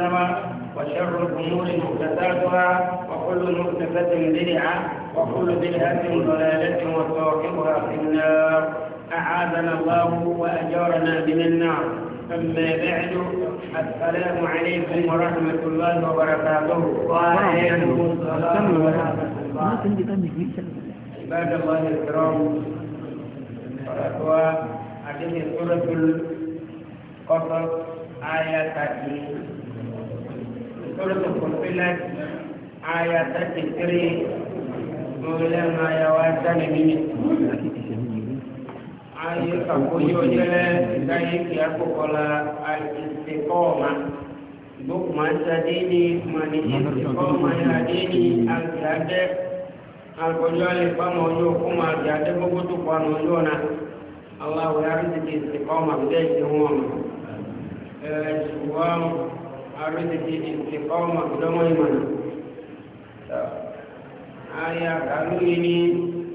وسلم وشر الأمور محدثاتها وكل محدثة بدعة وكل بدعة ضلالة وصاحبها في النار أعاذنا الله وأجارنا من النار أما بعد السلام عليكم ورحمة الله وبركاته وعليكم السلام ورحمة الله عباد الله الكرام وعليه سورة القصص آية 30 Surah Al-Fusilat ayat 33 Mulama yawata nini Ayat kakuyo jele Kaya kiaku kola Al-Istiqomah Buk masa dini Mani istiqomah ya dini Al-Qiyadeh Al-Qiyadeh Al-Qiyadeh Al-Qiyadeh Al-Qiyadeh Al-Qiyadeh Allah yarzuki istiqama bidai hum. Eh, arziki intiqama da maimana aya kalu ni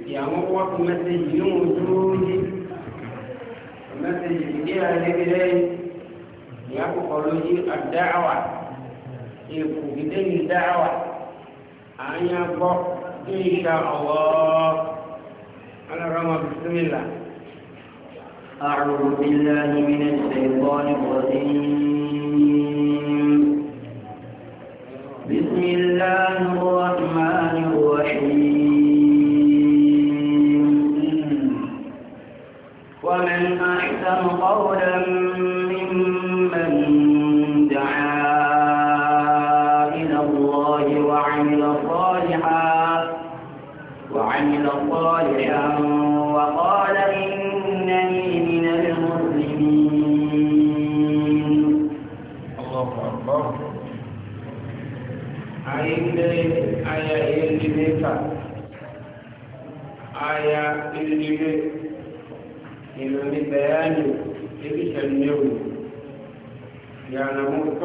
ya mo wa ku message yu mujuji message ni ya ni bidai ya ku koloji ad-da'wa iku bidai da'wa aya ko insha Allah ala rama bismillah أعوذ بالله من الشيطان الرجيم en la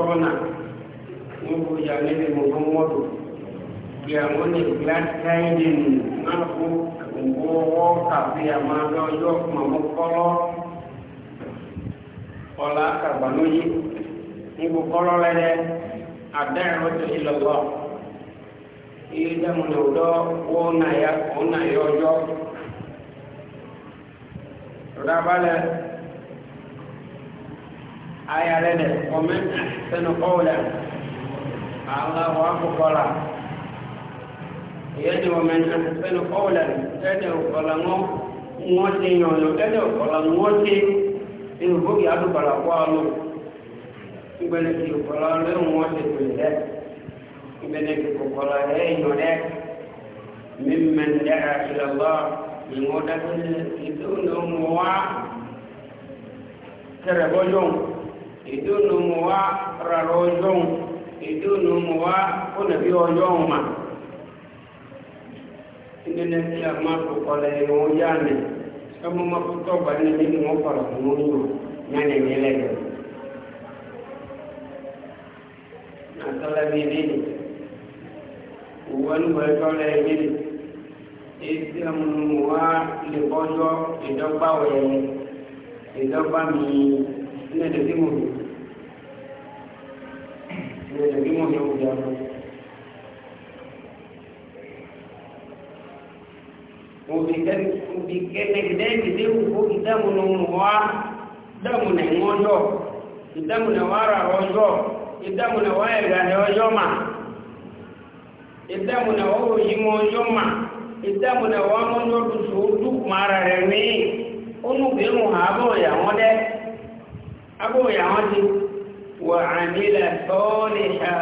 kọ́nà ní kọjá níbi mọ̀mọ́mọ́dù kí àwọn ní gíláṣáìdì náà kó òǹkó ọwọ́ kàfí àmọ́ ọjọ́ mọ̀mọ́ kọ́lọ́ ọ̀la kàgbàlóyè níbo kọ́lọ́ lẹ́dẹ́ àdá ẹ̀rọ tó ti lọ́gbọ́ ilé dẹ́mọ̀nà ọ̀dọ́ wọ́n náà yọ ọjọ́ rọ̀dá balẹ̀ aya rẹ̀ nẹ̀ ọmọ sẹ́nu kọ́ọ̀lẹ̀ aláwọ̀ akọ̀kọ̀lá ìyẹn ni ọmọ sẹ́nu kọ́ọ̀lẹ̀ tẹ́lẹ̀ ọ̀kọ̀lá wọ́n ti yànjọ tẹ́lẹ̀ ọ̀kọ̀lá wọ́n ti inú bókì adúgbàlà kọ́ àlọ́ ìgbẹ́lẹ̀ ti ọ̀kọ̀lá lẹ́hùn wọ́n ti pè lẹ́ ìgbẹ́lẹ̀ ti ọ̀kọ̀lá lẹ́yìn ọ̀lẹ́ mímẹ́ni dára ìlọ́gbà ìwọ́n dákẹ́ ìdóhùn ló ń wá kẹrẹ̀ bọ́jọ́ ìdúnnù mú wá rárá ọjọ́ òun ìdúnnù mú wá kónàbí ọjọ́ òun mà nínú tí a máa tó kọlẹ̀ ìwọ̀n yá mi sọmọ máa tó tọ́gbà ní nínú wọn fara fún wọn yóò nyánà ní ẹlẹ́dẹ̀ àtọ́lá bíi nínú òwúwọ́n wọ́n tọ́lá nínú èsì ọmọ wa lè kọ́jọ́ ìdọ́gba wẹ̀yẹ ìdọ́gba mi nínú ẹ̀dẹ̀ tí mo ikene gideni dewu idamu nunuwa damu ne ngondo idamu ne wara rojo idamu ne waega ne ojoma idamu ne wawo yimo ojoma idamu ne wamo nyodu suudu mara remi onu bimu habo ya ngode abo ya ngode wa amila soliha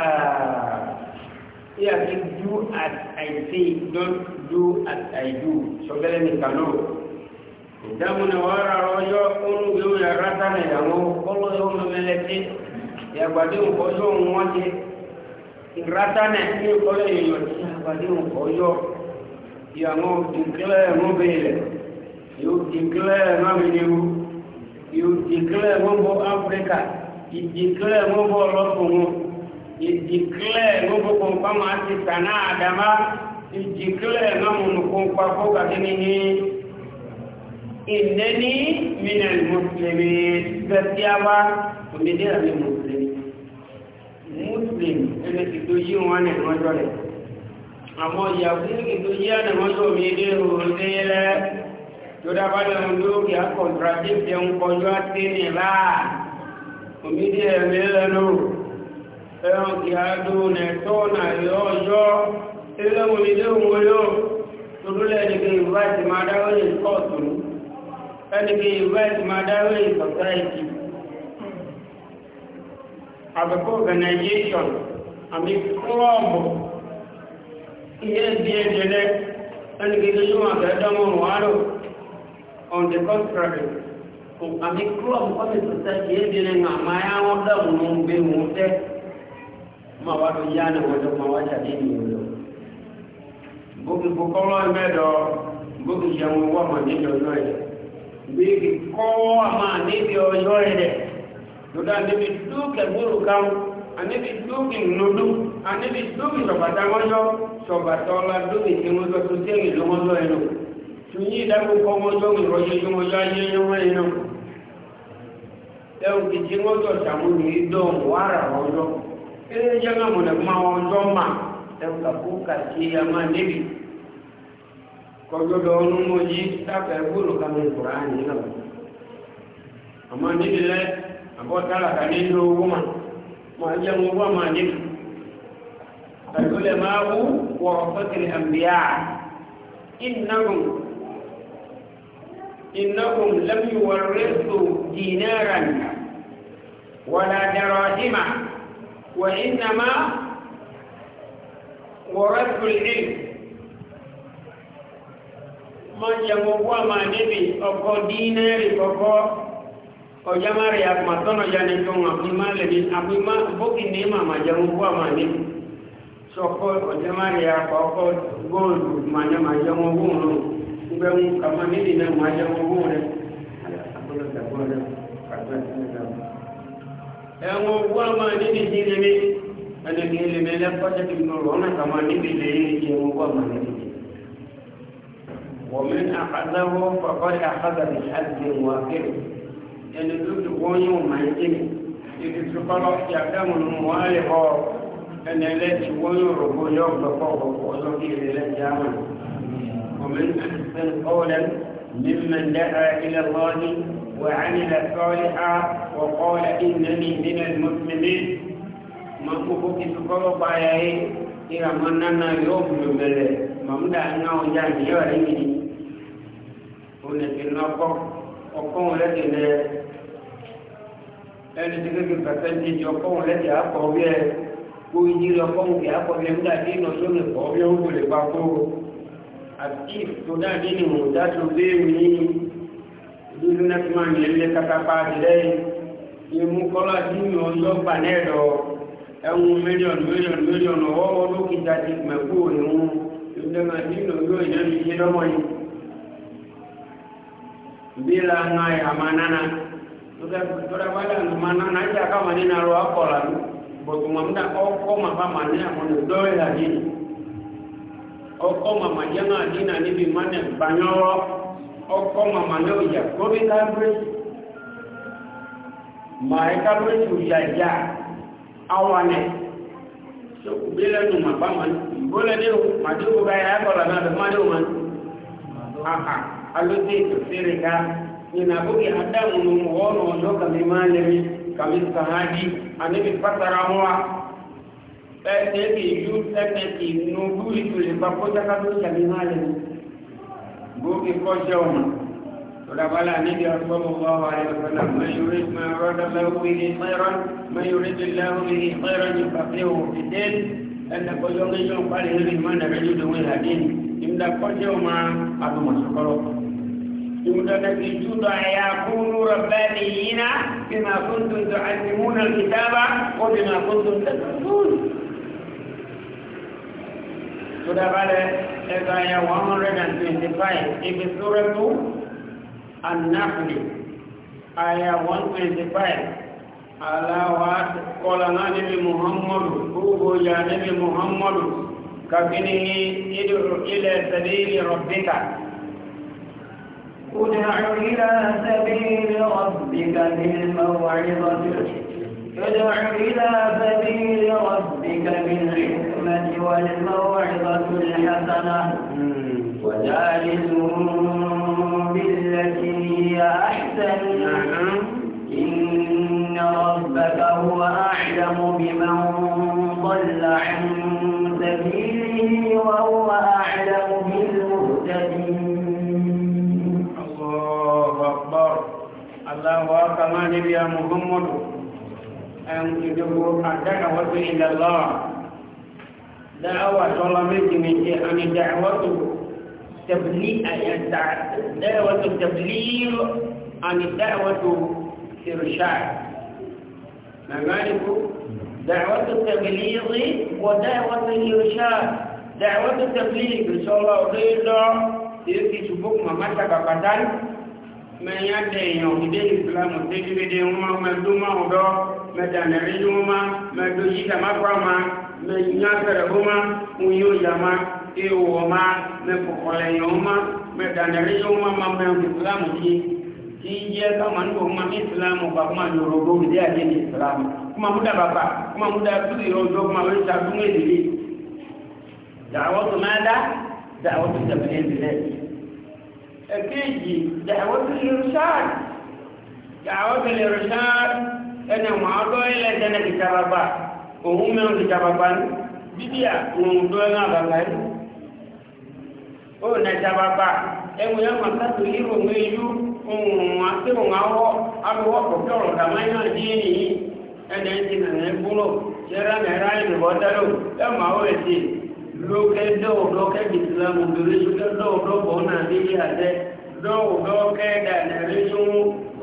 ya kidu at i say don't do as I do sọgbẹ́lẹ́ nìkan náà ìdáhùn náà wàá ra ọjọ́ òun yóò yà rátà nìyàwó kọ́lọ́ yóò mẹ́mẹ́lẹ́ tí ìyàgbàdé òkò yóò wọ́n ti rátà náà ní ìkọ́lẹ̀ èèyàn tí ìyàgbàdé òkò yọ ìyàwó ìkílẹ̀ ẹ̀mọ́ bẹ̀rẹ̀ yóò ìkílẹ̀ ẹ̀mọ́ mi ni wú yóò ìkílẹ̀ ẹ̀mọ́ bọ̀ áfíríkà ìdìkílẹ̀ ẹ̀mọ́ bọ̀ ọlọ́kùnrin ìdìkílẹ̀ ẹ̀mọ́ bọ̀ kọ̀ọ̀pá máa ti tà náà àdàmá ìjìkílẹ̀ mọ́mùnukún papọ̀ kàkíní ní ìdẹ́ni mìíràn mùsùlùmí bẹ̀tíyàwá òmìnira ní mùsùlùmí mùsùlùmí ẹni tí tó yí wọn ní ọjọ́ rẹ̀ àmọ́ ìyàwó ní tó yí wọn ní ọjọ́ òmìnira òun tẹ́yẹrẹ tó dábàá ní ọdún lókè àkọ́ntrakí tẹ̀ ń kọjú àti òmìnira mìíràn lóru ẹ̀rọ kìí adó nẹ̀tọ́ nà ẹ̀yọ́ ọjọ́ ilé mo ní déhùn mo yóò tòdúlẹ̀ ẹnìkan yorùbá ti máa dáwọ́ ní kóòtù ẹnìkan yorùbá ti máa dáwọ́ ní sọ̀tẹ́ẹ̀tì àbẹ̀kọ́ organization àmì kúrọ̀bù iye díẹ̀ jẹ́lẹ́ ẹnìkan yóò máa fẹ́ dánwò wàhálò on the contrary àmì kúrọ̀bù kọ́mí sọ̀tẹ́ẹ̀tì yé díẹ̀ ní àmà yáwọ́ dàmù ní gbé wọn tẹ́ máa wá lọ yá ni wọ́n tó máa wá jáde nìyẹn lọ. bóbi bókọ́ lọ́wọ́ mẹ́dọ̀ bóbi jẹun wà máa níbi ọjọ́ ẹ̀ bíbi kọ́ wà máa níbi ọjọ́ ẹ̀ rẹ̀ lọ́dọ̀ níbi dúkẹ̀ búrú kan àníbi dúkì lọ́dọ̀ àníbi dúkì sọ̀bàtà mọ́jọ́ sọ̀bàtà ọlá dúkì tí wọ́n sọ tún tẹ́yìn lọ́mọ́jọ́ ẹ̀ lọ tún yí ìdákòókọ́ mọ́jọ́ ìrọ̀jẹ́ ẹ̀ka kó kàtí ẹ̀ma níbi kọjọ́dọ̀ ọdún mọ́ yí dákà ẹgbùrù kàmí ìkùrá ní náà àmọ́ nílẹ̀ àbọ́tàlà kà ní ló owó mà máa jẹ́ mú wá máa nílù àtúlẹ̀ máa wú wọ ọ̀fẹ́kiri àmbíyá ìnáhùn ìnáhùn lẹ́mí wọ́n rẹ́sù dìnnẹ́rà wọ́lá dẹ̀rọ̀ dìmà wọ́n ìnàmá wọ́rẹ́sù ìlú mọ́jẹ gbogbo àmà níbi ọkọ̀ dínẹ́rì kọ́kọ́ ọjọ́ má rẹ̀ àpàtọ́nà jáde tó wọn àfi má lè ní àfi má bókì ní màmá jẹ gbogbo àmà níbi sọ́kọ́ ọjọ́ má rẹ̀ àpàkọ́ góòlù màjẹ́ má jẹ wọn gbóhùn lọ gbẹ ń kàmá níbi náà má jẹ wọn rẹ̀ ẹ̀wọ̀n gbogbo àmà níbi jíire mi ẹnìkì ilé mi lẹ́kọ́ jẹ́ kàmá níbi lè ẹ̀wọ̀n gbogbo àmà níbi. ومن أخذه فقد أخذ بحد واقع إن ضد غني معين إذا تقرأ يعلم المؤلف أن التي غني ربو يوم بقوه إلى الجامعة ومن أحسن قولا ممن دعا إلى الله وعمل صالحا وقال إنني من المسلمين ما أبوك تقرأ بأيه إلى من أنا يوم من بلد ما مدعنا يوم onẹ̀kẹ́ náà kọ́ ọkọ́ wọn lẹ́dẹ̀ lẹ ẹni tí kékeré pẹ̀pẹ́ ti di ọkọ́ wọn lẹ́dẹ̀ akọ̀ bí ẹ kó ìdílé ọkọ́ wọn kì í akọ̀ bí ẹ nígbà tí ìnà sóni kọ́ bí ó wọlé pa kó àti tó dáadé ni mo dájú bí mi dúdú náà ti máa ń yẹlé kátápá lẹ́yìn ìmú kọ́lá tí mi ò yọ gbà náà lọ ẹ̀wọ̀n mílíọ̀nù mílíọ̀nù mílíọ̀nù ọwọ́ ọdún kìtà ti mẹ́kúrò ní wọn yóò yẹnu ìṣẹ́ lọ́mọ yìí bila ngai amanana tutapata manana hata kama nina roho akola botuma mda okoma kama nina mdoe la dini okoma majanga dina nibi mane banyoro okoma maneo ya kobi kabre maekabre tujaja awane so bila numa bama bole ni madiko gaya akola na madiko man aha alute tafsirika inabuki adamu numuhono ono kami malami kami sahaji anibi fasara mwa eteki yu eteki nubui tulipapota kadu kami malami buki koja uma ولقال النبي صلى الله عليه وسلم من يريد ما أراد الله به خيرا من يريد الله به خيرا يفقهه في الدين أن كل يوم يوم قال هذه ما نريد من الدين إن كل يوم أبو يدرسون يكونوا ربانيين بما كنتم تعلمون الكتاب وبما كنتم تدرسون سورة بعد آية 125 في سورة النحل آية 125 على وات قال نبي محمد هو يا نبي محمد كبنه ادعو إلى سبيل ربك ادع إلى سبيل ربك بالموعظة ادع إلى سبيل ربك بالحكمة والموعظة الحسنة وجالسهم بالتي هي أحسن نعم. إن ربك هو أعلم بمن ضل عن سبيله وهو أعلم وكما يا محمد أن تدعو الدعوة إلى الله دعوة طلبت من أن الدعوة تبليغ دعوة التبليغ عن الدعوة إرشاد ما مالك دعوة التبليغ ودعوة الإرشاد دعوة التبليغ إن شاء الله غير يكتبك ما مشى بقدر mẹ́yà dẹ̀yàn ìdé ìsìlámù dédédé wọn mẹ́dún máa ọ̀dọ́ mẹ́dànàrí yíwọ́n máa mẹ́dún yíta mákọ́ máa mẹ́yà fẹ̀rẹ̀ bó máa ń yóò yà máa éwọ̀ máa mẹ́kọ̀kọ̀lẹ̀ yàn máa mẹ́dànàrí yíwọ́n máa máa mẹ́yà ìsìlámù yìí kì í jẹ́ káwọn ní òun máa ìsìlámù bàbá kuma muda bàbá kuma muda tuyi ọjọ́ kuma wọ́n ṣàtúnwé ìdílé dàwọ́tò máa dá dàwọ́tò jẹ̀bẹ̀lẹ̀ ìdílé èkejì dàwọ́tìlì rìṣáàd dàwọ́tìlì rìṣáàd ẹni wọn ọdọ ilẹ̀ dẹ́nẹ̀ kìkàbàbà òun mẹ́rin kìkàbàbà ní bíbíà òun tó ẹ̀rọ àbàbà yìí ó nà kìkàbàbà ẹ̀wọ̀n yẹn wọn kàtó yíro ń yú òun àti òun awọ alùwọ̀ kọ̀kẹ́ ọ̀rọ̀ dàmáyà dín nìyí ẹ̀dẹ̀ ń ti nàá ẹ̀ gbúrò yẹ́rẹ́ nàá ẹ̀ ráyìn bọ́ dẹ́rù ẹ̀ máa wọ̀ ẹ̀ lókẹ́ dọ́ọ̀dọ́kẹ́ ìsìlámù lórí ṣúkẹ́ dọ́ọ̀dọ́kọ̀ ọ̀nà àdéhì àjẹ́ dọ́ọ̀dọ́kẹ́ dàdàrẹ́sùn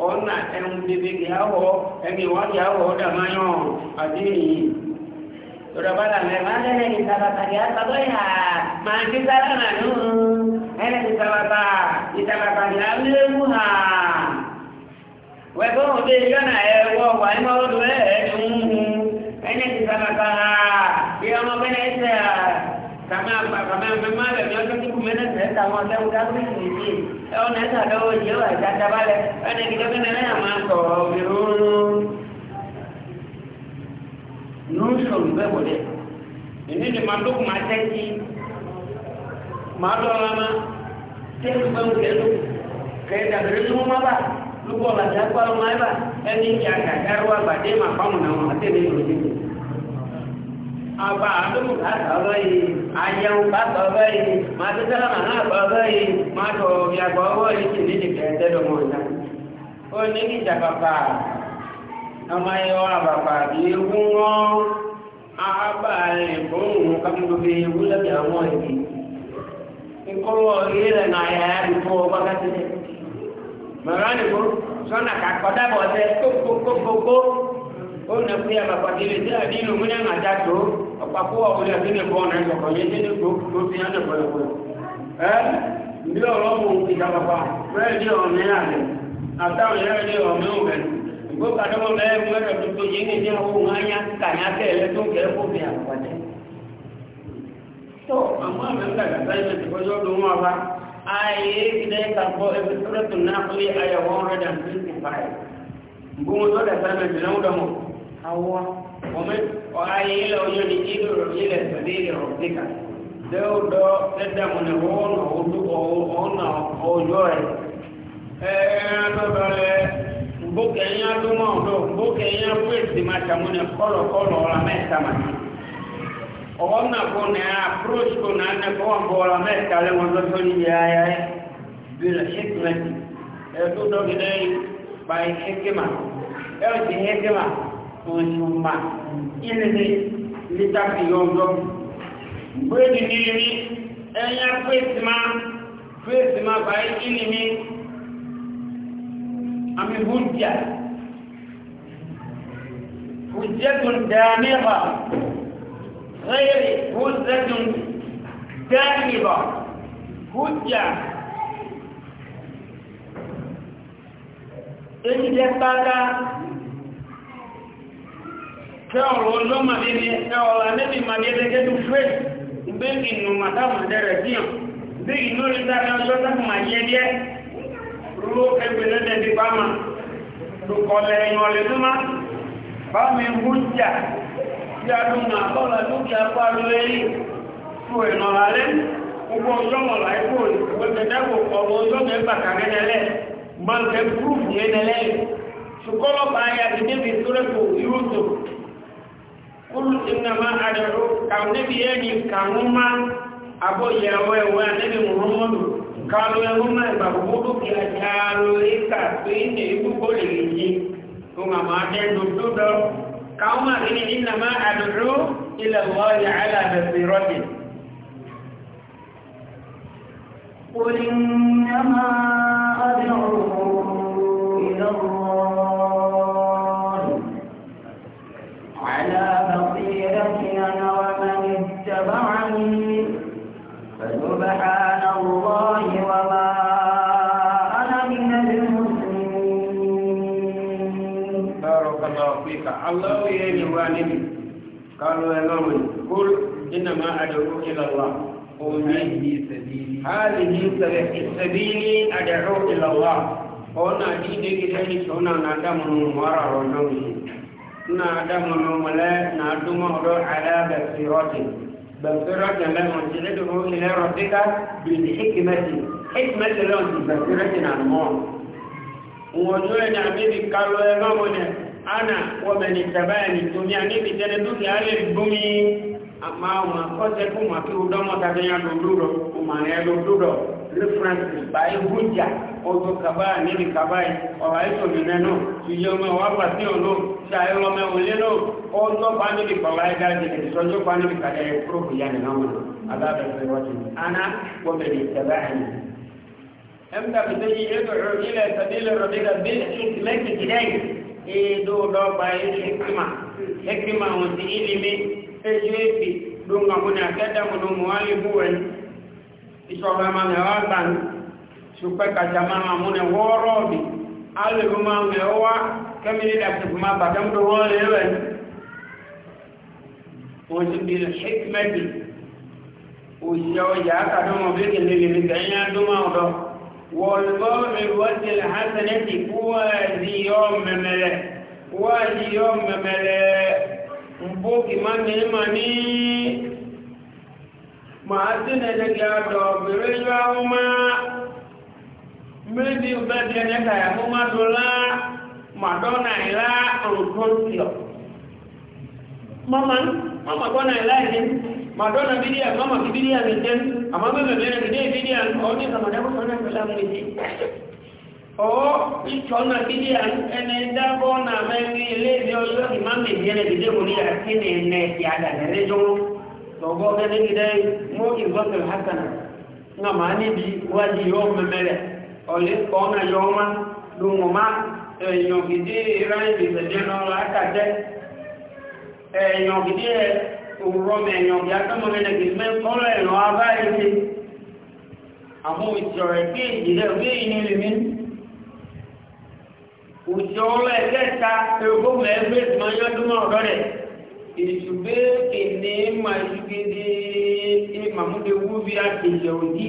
ọ̀nà ẹ̀hùn bèbè kìáwọ̀ ẹni ìwádìí àwọ̀ ọ̀dàmáyàn àdéhì tọ́dọ̀bálà mẹ́rin ìsàbàtà kìí àtàbọ̀yà máa ń kí sára nà nù ẹ̀rẹ́ ìsàbàtà ìsàbàtà kìí àmìlẹ́mù hà wẹ̀gbọ́n òde ìjọ́nà ẹ̀wọ̀ wà ní ọdún ẹ̀ẹ́ ẹni ìsàbàtà ìyọmọ bẹ́ẹ̀ ẹ̀sẹ̀ kàmá kàmá mẹ́má rẹ̀ ní ọjọ́ kíkú mẹ́rin ẹ̀ta wọn lẹ́wọ́ dábò ìsìn sí ọ̀nà ẹ̀ta lọ́wọ́ ìyẹ́ wà ìdájábá lẹ ọ̀nà ìdíjọ́ kí nẹ́rẹ́ àmà sọ̀rọ̀ òbírúurú nùsùn bẹ́wò dẹ̀ ìní ni màá lókun máa tẹ́ sí màá lọ ọ̀la má tẹ́lú bẹ́wò dẹ̀ ló kẹ́ dàbẹ̀rẹ̀ ní wọ́n má bà lókọ̀ làjà gbọ́ ọ̀la má bà ẹni ìjà àgàgàrú àgbàdé màá fáwọn àwọn àtẹ̀lé ìròyìn àgbà àdúgbò látọ̀ọ́rọ́ yìí àyẹ̀wò látọ̀ọ́rọ́ yìí máa tó sẹ́lẹ̀mà náà tọ̀ọ́rọ́ yìí máa tọ̀ ìyàgbọ́ ọwọ́ yìí sì nídìí kẹ̀ẹ́tẹ́ lọ́mọ ìyá ó ní kí ìjàpàpà ọmọ ẹ̀yọ́ àpàpà kì í wú wọ́n àbá ìfowóhùn kámúdóbi ewu lẹ́bi àwọn ìdí ìkọ́wọ́ ìrẹ̀ náà yà á dùn fún ọgbà kásìlẹ̀ mẹ̀rán nìkú sọ́nà kàkọ́dábọ̀ ọ̀sẹ̀ kókókókókó ó nà fún yàrá pakuwa wòle ɛdini bɔ ɔnà ɛdɔkɔ yɛ ɛdini do do ti ɛdini bɔ ɛdɔkɔ ɛ ndi ɔlɔ mo ìjà papa mɛ ɛdi ɔnà yɛ alɛ atawọn yɛ ɛdi ɔnà yɛ ɔmɛ ìgbó kadɔmɔ lɛ ɛmu ɛdɔ tuntun yɛ ɛdi ɛdi awo ŋa ya kanya kɛ ɛlɛ tó kɛ ɛfó fi àgbàdɛ tó àmọ àmì ńlá gàtá yɛ ti kɔjɔ do wọn ava ayé ɛdini yɛ kakɔ ɛfi sɔrɔ tó nàkúlé ayɛ 155 nbomotɔ dɛ sɛ ومن وآي إلا وجوني إدر إلى سبيل ربك دو دو تدى من هون هون هون هون bókẹ̀yìn adúmọ̀ ọ̀dọ́ bókẹ̀yìn fúèsì máa ṣàmúnẹ̀ kọ́lọ̀kọ́lọ̀ ọ̀la mẹ́ta máa ọwọ́ náà kò ní approach kò náà ní kó wọn bọ̀ ọ̀la mẹ́ta lẹ́wọ̀n lọ́sọ́ níbi ayá ẹ̀ bílẹ̀ hikmet ẹ̀ tó dọ́gidẹ́ by hikima ẹ̀ ti hikima nyumba ile ni litafi yondo bweni nilimi enya kwesima kwesima bai ilimi ami hujja hujjatun damigha غير هزة دائبة هجة إن جسدا kẹ́ ọ̀rọ̀ ọlọ́màdé ni kẹ́ ọ̀rọ̀ anẹ́bì màdé ẹgbẹ́gẹ́ tó fẹ́ ìgbé ìnù màtàmàdé rẹ̀ díyàn bí inú rí dára ọjọ́ sáfùmáyé díẹ̀ rú ẹgbẹ̀lẹ́dẹ̀ ti bá ma lùkọ̀lẹ̀ ẹ̀yàn lè tó má bá mi hú jà tí a dùn mà bọ́ọ̀lá dúkìá pàrọ lẹ́yìn fún ìnà lálẹ́ gbogbo ọjọ́ mọ̀lá ikú ìgbẹ̀dẹ́gbò ọ̀rọ̀ ọjọ́ mẹ́gbà kàrẹ́nẹ́lẹ́ gbọ́nkẹ́ púrùfù yẹn nẹ́lẹ́yìn ṣùgbọ́n ọ̀pá ayé àti débi sórẹ́kù irúso kúrú ìnàmá àdàrú kàwọn níbi ẹni kàwọn má àbọ̀ ìyàwó ẹ̀wọ́ àníbi muhammadu kàwọn ẹ̀wọ́ má ìgbàgbọ́dọ̀ kí a jà lórí kàtó ìnà ìgbùgbò lè yí fún àmà àdẹ́dù dúdọ kàwọn àríní قل إنما أدعو إلى الله الله يلي والدي قالوا يا نوم قل إنما أدعو إلى الله هذه السبيل أدعو إلى الله ona dini gidani sona na damu mara ronomi na damu mala na duma odo ala basirati basirati la mujlidu ila rabbika bil hikmati hikmati la basirati na mo wonyo ana wọ́mẹ̀ni tàbáyàní tómi àníbi tẹ́lẹ̀ dúkìá lè gbómi àmà àwọn akọ́sẹ́ fún wọn kí ó dánmọ́ tàbíyàn lòdúrọ̀ òmàrẹ́ lòdúrọ̀ reference báyìí hújà ọjọ́ kàbáyà níbi kàbáyì ọ̀rọ̀ àìsàn nínú ìyẹ́ ọmọ wa pa sí ọ̀nà ṣàyẹ ọmọ òlé náà ọjọ́ pa níbi kàbá ẹ̀dá ìdílé ìṣọ́jọ́ pa níbi kàdé kúròkù yá nínú àwọn alábẹ̀fẹ̀ wọ́n ti ana wọ́mẹ̀ni tàbáyàní ẹ̀mdà fi tẹ́yí edo dogba ile hekima hekima wonti ilimi ejuepi dunga mune akeda munu mualimu wen isolama ne wagan supe kajamama mune worobi alibuma mewa kemini daktikuma badamdu wole wen wonti bil hikmati usiyo yaakadomo bikinilimi kenya duma odo والله الوجه الحسنة وادي يوم ملا وادي يوم ملا مبوك من يمني ما أتنا لك يا دوبري يوما مدي وبدي نتا يا مما دولا ما دونا إلا أنكوتيو ماما ماما دونا إلا إذن madonna bidia mama bidia meten ama mama mena bidia bidia oni kama dabo sana kala oh, mwezi o ichona bidia enenda bona mengi lezi oyo ni mama bidia bidia kuni akini ne yada nerejo logo gani bidai mo invoke hasana na maani bi waji yom memele ole kona yoma dungoma eyo bidii rai bidia no la kate eyo bidia òwúrọ̀ mẹ́yàn bí atọ́mọ̀ mẹ́lẹ̀ kìí mẹ́ sọ́rọ̀ ẹ̀rọ abáyẹ̀ṣe àmọ́ ìṣọ̀rẹ̀ pé ìdílé òbí yìí ní lèmi òṣìṣẹ́ ọlọ́ ẹ̀kẹta ẹ̀kọ́ mẹ́fẹ́ ìmọ̀ yọdúnmọ̀ ọ̀dọ́ rẹ̀ ìṣùgbé kìíní màṣúgede màmúde wúbi àtẹ̀yẹ̀ òdì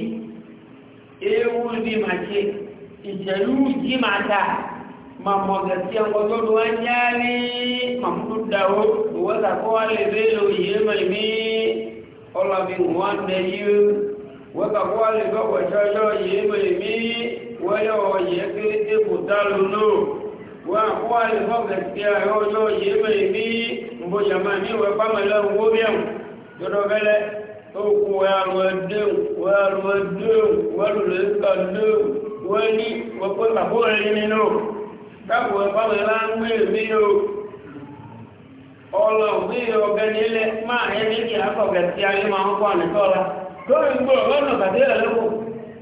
ewu bí màṣe ìṣẹ̀lú jí màá dáa mamogatia ngototo wanyali mamudu dawo uweza kwa levelo yema imi ola binguande yu weka kwa levo kwa chocho yema imi wayo yekirite kutalu no wa kwa levo gatia yoyo yema imi mbo jamani wekwa mele uwobiam jodo vele oku walwedeu walwedeu waluleka deu wani wakweka kwa lini no káwọn ẹ̀fọ́wẹ̀ lá ń wé mí o ọlọ wí ọ̀gẹ́ ní ilẹ̀ máa ẹni kí akọ̀gẹ́ tí a lè máa ń kọ́ àmì tọ́la lórí gbọ́ lọ́nà kàdé rẹ̀ lẹ́kọ̀ọ́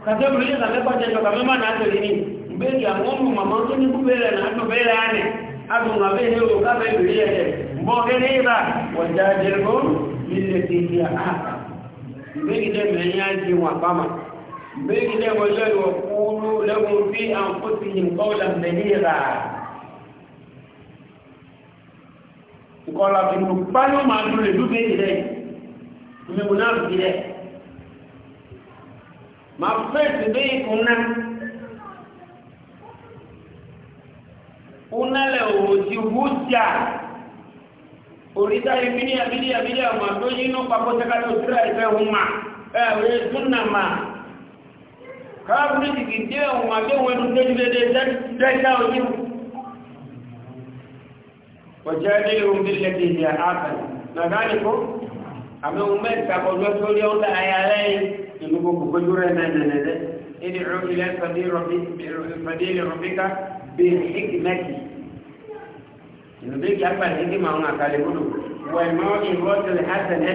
kàdé òmìnirí ìsàmẹ́ pàṣẹ ìjọba mẹ́mà náà tẹ̀lé ní ìgbéjì àwọn ọmọ màmá tó ní kúbẹ̀ rẹ̀ náà tó bẹ́ẹ̀ rẹ̀ ánì adùn àbẹ́ ilé o kábẹ́ ìlú ẹ̀jẹ̀ bọ́ kẹ́lẹ́ ìbá wọ̀jà jẹ̀rọ̀ nílẹ̀ tẹ̀lé àkà بين وجل وقولوا لهم في أنفسهم قولا بليغا ìkọlà ìlú pálọ́ máa ń lè dúdé ilẹ̀ ìmẹ̀kù náà fi rẹ̀ ma fẹ́ẹ̀sì bí ikùn náà unálẹ̀ òwò ti wú jà oríta ìbílẹ̀ àbílẹ̀ àbílẹ̀ ọmọ tó yínú papọ̀ tẹ́kàtọ̀ síra ìfẹ́ hùn mà ẹ̀rẹ́ dúnnà máa káàkiri jìgì jẹ́ ohun àgbéwọn ẹnu tó jílédé dẹ́ta ojú ọjọ́ ilé ohun tí lẹ́dẹ̀ ìyà ápẹ̀lú lọ́gáàlìkó àmì ohun mẹ́ta ọjọ́ tó rí ọ́nà ayalẹ́yìn ìlú gbogbo gbójú rẹ̀ nẹ́nẹ̀ẹ́dẹ́ ìdí ọjọ́ ilẹ̀ fẹ̀dílẹ̀ rọ̀bíkà bí hikimẹ́kì ìlú bí gbàgbà hikimà ọ̀nà àkàlẹ̀kúrò wẹ̀mọ́ ìrọ́tẹ̀lẹ̀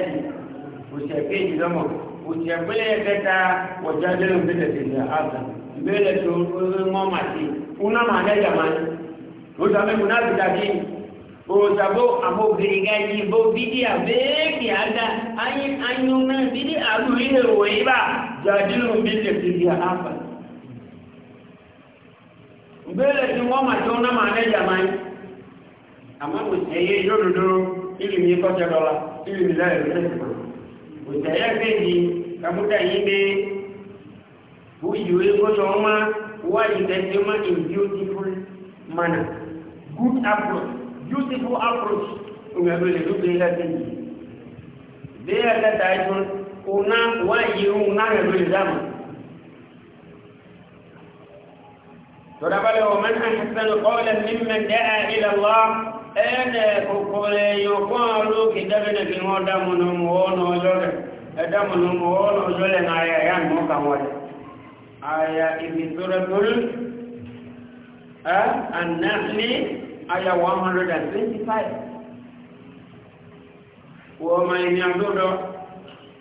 uchebule keta wajadili mpita mbele tu ngoma ti una maana jamani utame munafi dakini ozabo abo girigaji bo bidi abeki ada ayin anyuna bidi alu ile oiba jadilu mpita tiza hapa mbele tu ngoma ti una maana jamani ama ili ili kabuta yibe who you able to honor what you can do in beautiful manner good approach beautiful approach ngabele do bila tingi they are that i don't una wa you una ngabele dama ترابل ومن أحسن قولا ممن دعا إلى الله أنا كقول يقول كتابنا في مدى منهم ونوجوده ẹ̀dọ́mù ló mọ̀ ọ́nà ọjọ́ lẹ̀ náà ayà ìyá mọ́ kàwọn rẹ̀ ayà ibi tó rẹ̀ torí ẹ́ àná ní ayà 125 wọ́n ma ìní àdúdọ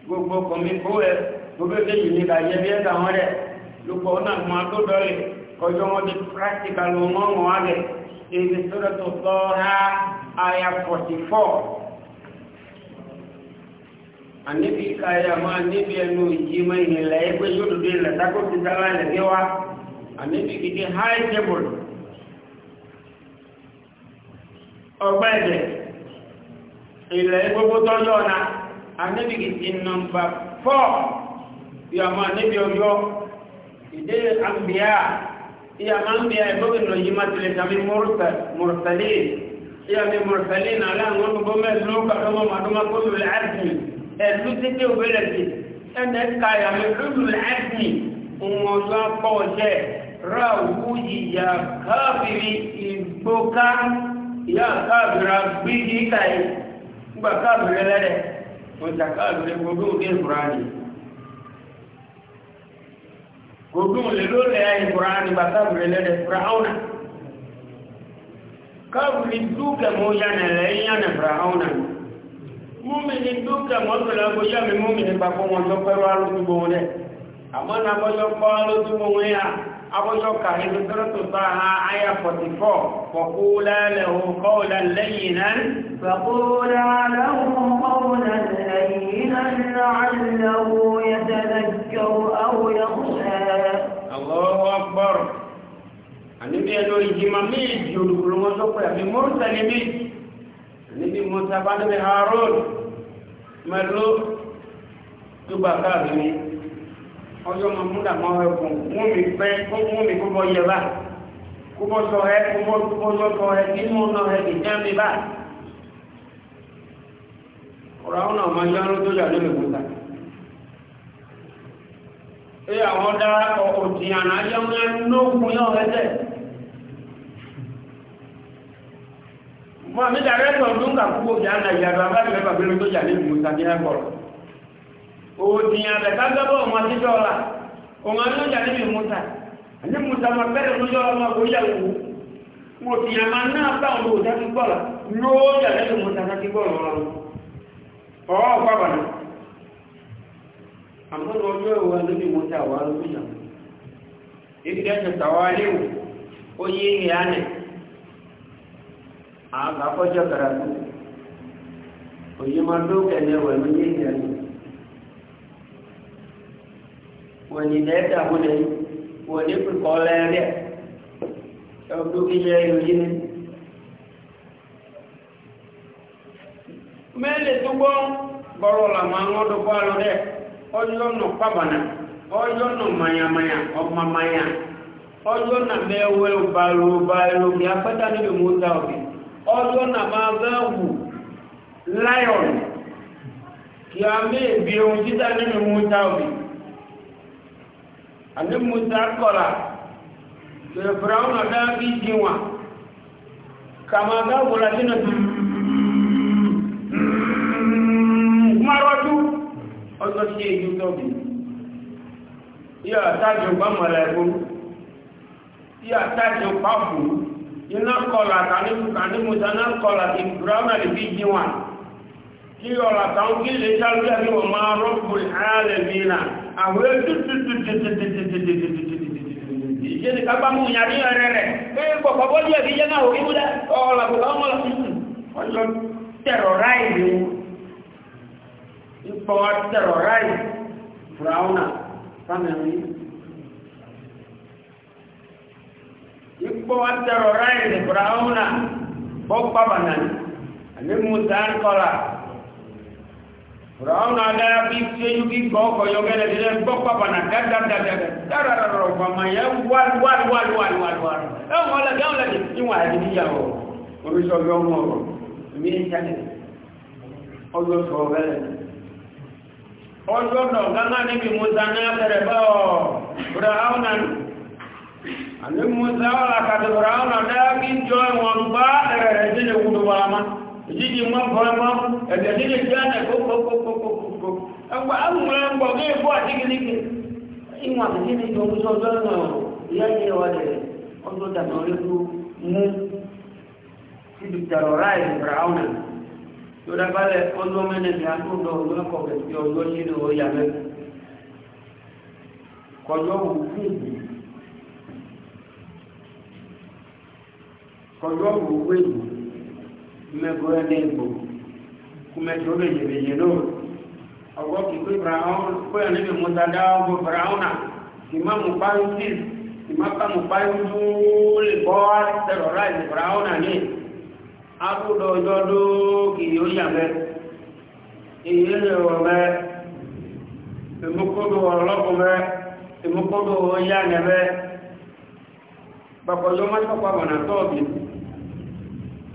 gbogbo kọ̀mí kó ẹ̀ gbogbo èyí ní ìdájẹ́ bí ẹ̀dà wọn rẹ̀ lùpọ̀ náà mọ́ àdúdọ rẹ̀ kọjọ́ wọn di practical mọ́ wọn rẹ̀ ibi tó rẹ̀ tó tọ́ 44 anibi kaya ma anibi ẹnu ìjìmọ̀ ìhìnlẹ̀ ẹgbẹ́ sódòdó ilẹ̀ tako ti dára ẹ̀lẹ́gẹ́ wa anibi gidi high table ọgbà ẹ̀dẹ̀ ilẹ̀ gbogbo tọ́jọ́ ọ̀nà anibi gidi nọmba fọ́ ìyàmọ̀ anibi ọjọ́ ìdí àmbíyà ìyàmọ̀ àmbíyà ẹgbẹ́ ìnà ìjìmọ̀ tilẹ̀ tàbí mùrùsàlì ìyàmọ̀ mùrùsàlì nàlẹ́ àwọn ọmọ mẹ́rin ló gbàdọ́mọ́ màdọ́mọ́ kó lulẹ̀ àdìyàn ẹ̀lú títí òbẹ̀rẹ̀dì ẹ̀nà kàyàmì lúlù ẹ̀dì òmòdó apọ̀ọ̀ṣẹ́ ráwú ìyà káàbìrì ìgbóká ìyà káàbìrà gbígi kàí gbà káàbìrì lẹ́rẹ̀ ọjà káàbìrì gbogbo òde ìfúrani gbogbo òde lórí ẹ̀yà ìfúrani gbà káàbìrì lẹ́rẹ̀ fúráhùnà káàbìrì dúkẹ̀ mọ́ yánà lẹ́yìn yánà fúráhùnà múmìnì dúkà mọ́tòlá gbóṣà mi múmìnì papọ̀ wọn tó pẹ́rọ alójúgbò wọn dẹ̀ àmọ́ ní abọ́ṣọ́ kọ́ alójúgbò wọn yà abọ́ṣọ́ kàrí tó tọ́rọ tó bá ha àyà 44 fọ̀kúlá lẹ́hùn kọ́ọ̀lá lẹ́yìn náà fọ̀kúlá lẹ́hùn kọ́ọ̀lá lẹ́yìn àníbí ẹnu ìjìmá méjì olùkùnrin wọn sọ pé àbí mọ́rùsà mọ́sá bá níbi harold mẹ́lú tó gbà káàkiri ọjọ́ ma múdà mọ́ ẹkùn mú mi pẹ́ mú mi kúbọ̀ yẹ bá kúbọ̀ sọ ẹ kúbọ̀ sọ sọ ẹ kí mú nà ẹ kì jẹ́ mi bá ọ̀rọ̀ àwọn ọmọ ló tó àwọn ọkọ̀ mo àmì dàrẹ́tọ̀ ọdún kà púpọ̀ jà ń nàìjíríà abájú mẹ́fà gbé lójó jà níbi musa ní airport òdì àbẹ̀ká gbọ́bọ̀ ọmọ títọ́ ọ̀la ọmọ lójó jà níbi musa ní musa ma fẹ́rẹ̀ lójó ọmọ òyà wù mo ti yàn máa náà bá òun lòdà sí bọ́ọ̀lá lójó jà níbi musa náà sí bọ́ọ̀lá ọ̀la ọ̀ọ́ ọ̀pá bàdàn àmọ́ ọjọ́ ìwà lórí musa wà lójó jà ìdí ẹ̀ṣẹ̀ tàwa léwu ó yé ìhánẹ̀ a ga kwaje karatu ku yi ma doka ne wa mun yi ne wani ne da mu ne wani ku kola ne ya doki ne yi ne mele tugbo boro la ma ngodo balo de oyo no pabana oyo no maya maya o mama ya oyo na mewe balo balo ya pata ni muta obi ọjọ́ na máa záàwù lion kí a mẹ́ ohun títà nínú múta òbí àní múta kọ́lá tẹ̀lẹ̀ bí máa ọjọ́ sí èyí yíò yíò iná kọlà kàní musa náà kọlà kí burama lè fi jí wọn kí ọ̀là kan kí lè sáré àbí wọn máa rọ́pò ààlẹ̀ mi náà àwọn ètùtùtùtùtùtùtùtùtùtù ìṣe ní kápá mú ìyàrí rẹ̀ rẹ̀ pé pọ̀pọ̀ bọ́lí ẹ̀bí jẹ́ náà òkú múdá ọ̀làbùkà ọmọlá ọjọ́ tẹ̀rọ̀ráìdì wọn ipò tẹ̀rọ̀ráìdì fúráúnà sámẹ̀rin ikpó atẹrọ ráyìn ìbúraúnà bọ́pá bànàní àmì musa ń kọ́lá ìbúraúnà adára bí tíyẹ́jú kí gbọ́ ọkọ̀ yọgẹ́lẹ́ bí lẹ́ bọ́pá bànà dáadáadáadáa ọ̀gbàmà yẹ wàlúwàlúwàlúwàlúwàlú ẹ̀wọ̀n ọ̀lẹ́dẹ̀ ọ̀lẹ́dẹ̀ ìwọ̀n àdìyàwó oríṣi ọjọ́ ọmọ ọ̀rọ̀ ìmí ìjáde ọjọ́ sọ ọ̀gẹ́lẹ̀ ọjọ́ náà gánà níbi musa náà fẹ̀rẹ̀ bọ́ ọ̀ ani musa wala ka di firawuna daa ki jɔ ba ɛrɛ ɛdi ne kudu wala ma ɛdi di ma bɔn ma ɛdi di jɔ ne ko ko ko ko ko ke ya wa de o le do mu ti di da ba kɔjɔ gbogbo ewu mɛgbɔ ɛdɛ gbò kumɛtɔ bɛ yɛbɛ yɛlɛ o ɔgbɔ kikui brown kóyɔ ne bɛ musa da ɔgbɔ brown na tìma mu kpalu tis tìma pa mu kpalu duu le bɔ tɛrɔ rice brown na ne alo dɔ yɔ do k'iyo yabɛ iye lɛ wɔ bɛ emukodo ɔlɔpɔ bɛ emukodo yanɛ bɛ kpakɔjɔ ma sɔkpa bana tɔɔbi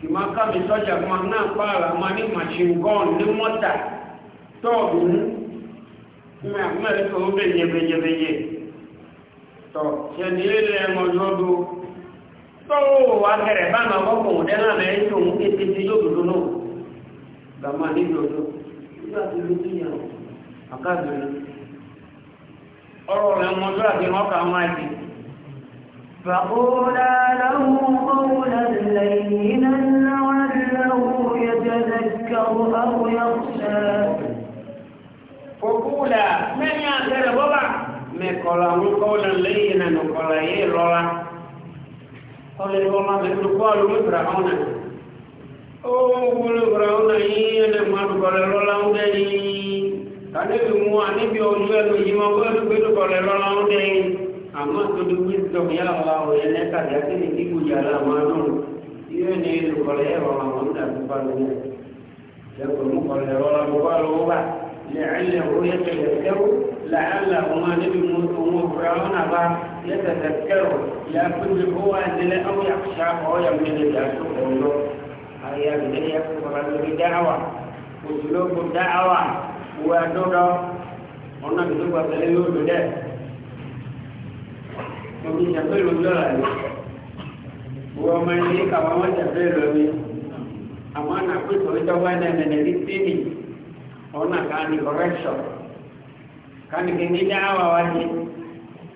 ìmọ̀ká mi sọ́jà kuma náà pààrà ma ní machine gun ní mọ́tà tọ́ọ̀bù ní ìmọ̀ àkúmẹ̀rẹ́ tó ń bẹ̀ yẹbẹyẹbẹyẹ tọ́ ṣẹ̀dí ilẹ̀ ẹmọ̀jọ́dún tọ́wọ́ wà kẹrẹ̀ bá náà wọ́pọ̀ dẹ́nà mẹ́rin tó ń ké títí yóò dúdú náà gbàmà nídòdó nígbà tó ló ti yàn àkàbẹ̀rẹ̀ فقولا له قولا لينا لعله يتذكر أو يخشى فقولا من يأخر بابا مقولا قولا لينا نقولا يلولا قولا يقولا مقولا مفرعونا Oògùn ìrànà yìí ẹnà mọ́dúkọ̀lẹ̀ lọ́la ń dẹ́yìn. Tàbí ìmú àníbí ojú ẹnu yìí mọ́ gbẹ́dúgbẹ́dúkọ̀lẹ̀ lọ́la ń dẹ́yìn amma to duk wisdom ya Allah ya ne ka da kini ki ku ya la ma no iyo ne lu ko le wa ma mun da ku ba ne ya ko mu ko le wa ko ba lo ba la'allahu yatadhakkaru la'allahu ma nabi musa mu fir'auna ba yatadhakkaru ya kulli huwa dila aw yakhsha aw yamina ya to ko aya bi ne ya ko ba lo da'wa usulobu da'wa wa dodo ona bi to ba le yo do de omi ìjàpẹ́ ló ń lọ́ra rẹ̀ wọ́n ọmọ ẹni kàwọn ọmọ ìjàpẹ́ lọ mi àwọn àpètò ìjọba ẹni ẹ̀mẹ̀nẹ̀ rí tìmì ọ̀nà kàní correction kàní kìíní ní àwà wáyé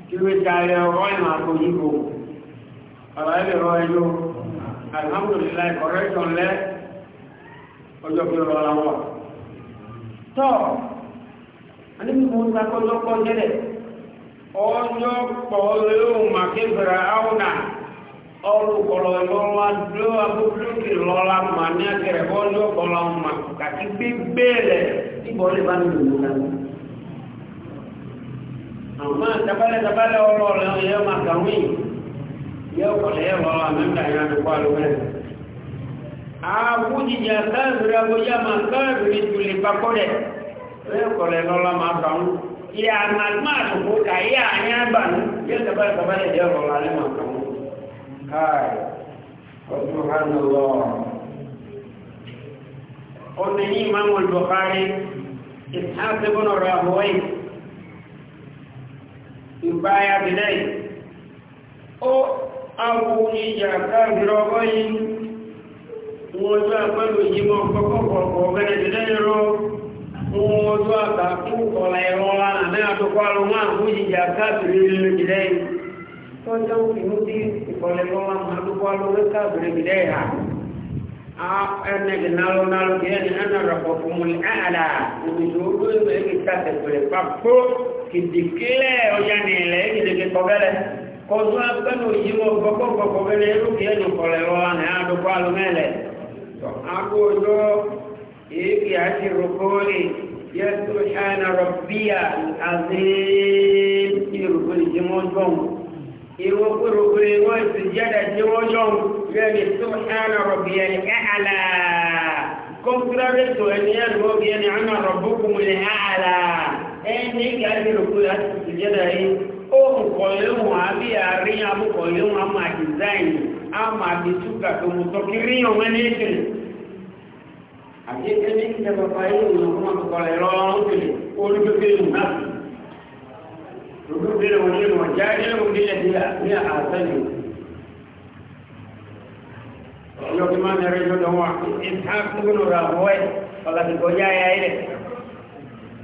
kí wọ́n ti ayẹ ọwọ́ ìmọ̀ àpò yìí ọ̀rọ̀ ẹ̀ rọ ẹjọ́ alhamdulilayi correction lẹ́ ọjọ́ kí ọ̀rọ̀ làwọn tọ́ àníbi mo ń takọ́ lọ́pọ̀ jẹ́lẹ̀ ọjọ́ pọ̀lú màkébẹ̀rẹ̀ áwùnà ọlùkọ̀lọ̀ ìlọ́wà ló agbókúlókè lọ́la mà ní akẹrẹ̀ ọjọ́ pọ̀lọ̀ mà kàkí gbígbẹ́ẹ̀lẹ̀ ìbọ̀lẹ̀ bá nínú ìlú àmọ́ tabalẹ̀ tabalẹ̀ ọlọ́ọ̀lẹ́ yẹ máa kàwé yẹ kọ̀lẹ̀ yẹ lọ́la mẹ́ta yẹn àdúgbò àlùmẹ́ àwùjíjà káàkiri agbójá máa káàkiri tùlẹ̀ pàkọ́dẹ̀ yẹ kọ̀lẹ̀ lọ́la máa kàwé ya malma su ko ta ya ya ban yadda ba ka bane da yawan malama kai wa subhanallah on ni imam al-bukhari ishaq ibn rahway ibaya bilay o abu ni ya ka rogoyi mo ta pelu yimo ko ko ko ga ne bilay ohun ojú àgbà fún ọ̀la ẹ̀rọ lánà ní àtòkọ́ alùmọ́ àwọn ìjìyà káàkiri lílo ìdílé yìí tọ́jọ́ ìlú bí ìkọlẹ̀ lọ́wọ́ àwọn àtòkọ́ alùmọ́ káàkiri ìdílé yìí hà ẹnẹ̀gì nálọ́ nálọ́ kí ẹni ẹnà rọ̀pọ̀ fún àlà ìwé kí ọjà ní ilẹ̀ ìdílé gbọ́gbọ́gbọ́gbọ́ إيقعة الركوع يسبحان ربي العظيم يركو الجموجون يركو ركوع والسجادة جموجون يعني سبحان ربي الأعلى contrary to any other work يعني أنا ربكم الأعلى ẹni gàdí rògbò láti ìjẹ́dà yìí ó nǹkan lóhùn àbí àárín amúkọ̀ lóhùn àmà design àmà àbí túkà tó mú tọ́kì ríyàn mẹ́lẹ́sìn yékébi ìjẹba fàyè ìrìnàkúnmà kọkọrọ ẹ̀rọ ọ̀rọ̀ òkèlè olùgbèfèrè nà olùgbèfèrè wọn nínú ọjà ilé òkèlè ní àtẹ́lẹ̀ ọjọ́ tí máa ń rẹ̀ jọ dánwà ìtàkùnrin rà wọ́ ẹ̀ ọ̀làdì kọjá ayá ilẹ̀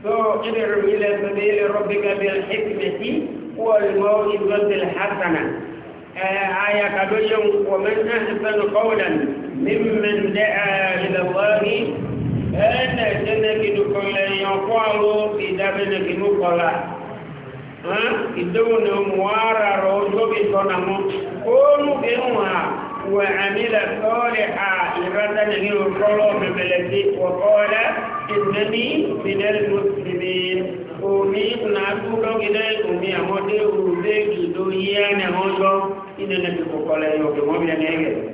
tó ilé rẹ̀ ilẹ̀ tó dé ilé rọ́bì gàbí ẹ̀kìmẹ̀tì wọ́n mọ́ ìgbọ́sẹ̀ ممن دعا إلى الله أنا تنكد دخل يقال في دبنك نقلا ها إدون موارا رجو بصنمو كونوا بيوها وعمل صالحا إرادة يقول ببلدي وقال إنني من المسلمين omi nàdú lọ́gídẹ́ omi àmọ́dé òrùlé ìdó yíyá ní àwọn ọjọ́ ìdẹ́nà ti kọ̀kọ́ lẹ́yìn ọ̀gbẹ̀mọ́bìnrin ẹgbẹ̀rẹ̀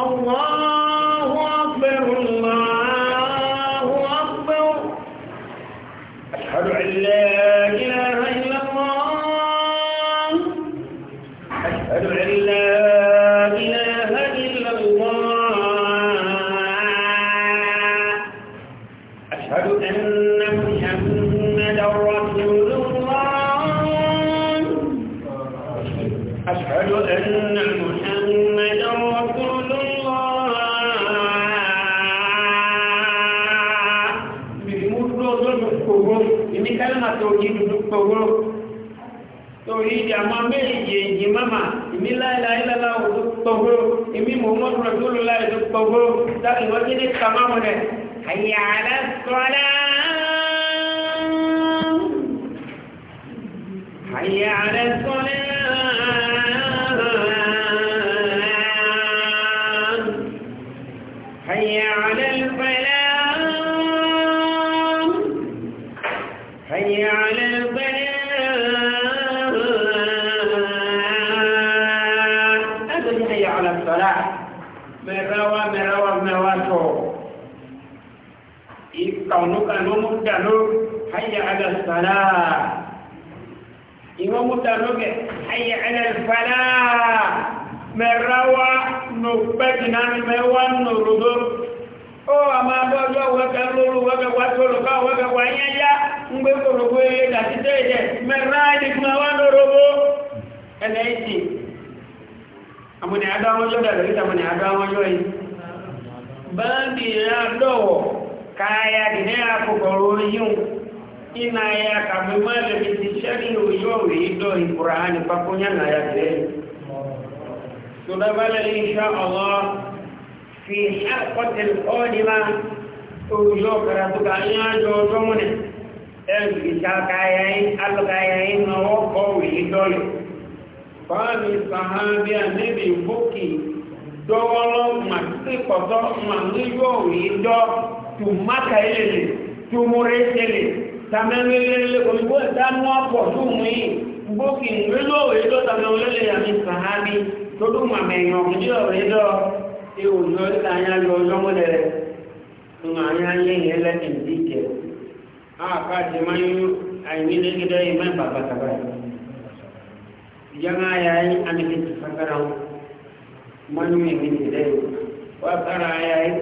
Oh Allah dúró torí ìdí àmọ́ méjì èyí máma ìmí láìláìláìlá òdó gbogbo ìmí mọ̀mọ́dún rẹ̀ tó lò láì tó gbogbo dákì wọ́n ti ní kàmáwò àyàrá sọ́lá àyàrá sọ́lá الفلاح إمام متنوك حي على الفلاح من روى نبتنا من نردو ó a máa lọ́jọ́ wẹ́kẹ́ lóru wẹ́kẹ́ wá tó lùká wẹ́kẹ́ wá yẹ́ yá ń gbé kòrògbó ilé dàtíté ìjẹ́ mẹ́rin àìdí fún àwọn lórogbó ẹ̀lẹ́ ìsì báńdì ìrìn àdọ́wọ̀ káyà dìde àkókò yíò ina ya kamimale mitishani uyowi ido ikurani pakunya na ya tele tudabale insha Allah fi halqati al-qadima uyo karatu kanya jojo mune el bishakayain algayain no ko idole bani sahabi anabi buki dowolo matipo do maniyo ido tumaka ile tumure ile tamẹ́lẹ́lẹ́lẹ́ òyìnbó ìdánú ọ̀pọ̀ fún mi gbókì ńlélò èdò tamẹ́lẹ́lẹ́ àmì sàhámi tó dùn àmẹ́yàn òjò èdò ìwòjò ìtàyà lọ lọ́mọdẹ̀ rẹ̀ nínú àyà yẹ̀yẹ̀ lẹ́yìn díkẹ̀ àkáàtì máa ń àìní lẹ́gẹ́dẹ́ ìmẹ́ bàbàtàbà ìyáná ayà yìí àmì ti sàkàrà mọ́nú ìmì tẹ̀lé wọ́n sára ayà yìí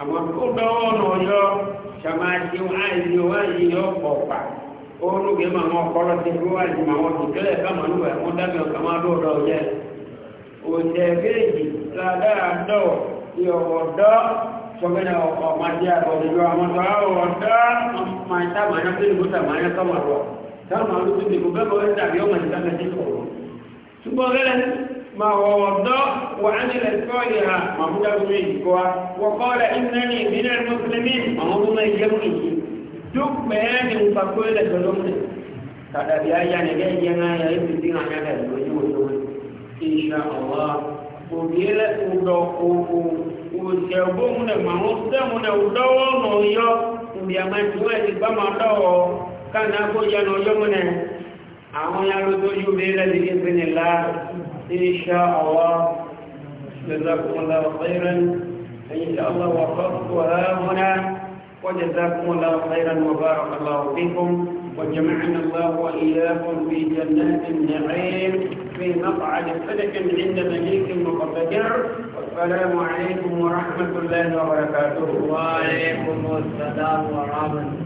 àmọ́ kó dọ́wọ́ ọ̀nà ọ̀yọ́ sàmáàtì wáyé wáyé ọ̀pọ̀ pa olùgbé màmá ọ̀pọ̀lọ́ ti fi wáyé màmá ọ̀tún kílẹ̀ káma ló wẹ̀ mú dábìọ̀ kàmá ló dọ̀ yẹ. òtẹ̀ méjì ládà dọ̀ ìyọ̀wọ̀ dọ́ sọ́gbẹ́nà ọ̀pọ̀ màdí àbọ̀dẹ̀jọ́ àwọn tó àwọ̀ dọ́ máa tá màá yá pínlẹ̀ mọ́tà màá yá kọ́mà lọ. táwọn àlùkò ما ووضاء وعمل صالحا محمود منه وقال إنني من المسلمين محمود من يمنه duk bayanin bakwai da galomni ta ɗabiya yana gajiya na yayin fitin a yana da wani wato insha Allah ko biyar udo uku usebo mune mahuste mune udowo noyo mbiamatuwe ti bama dowo kana ko yano yo mune àwọn yalo to yu bela dikepene la إن شاء الله جزاكم الله خيرا إن شاء الله وقفت هنا وجزاكم الله خيرا وبارك الله فيكم وجمعنا الله وإياكم في جنات النعيم في مقعد فلك عند مليك مقتدر والسلام عليكم ورحمة الله وبركاته وعليكم السلام ورحمة الله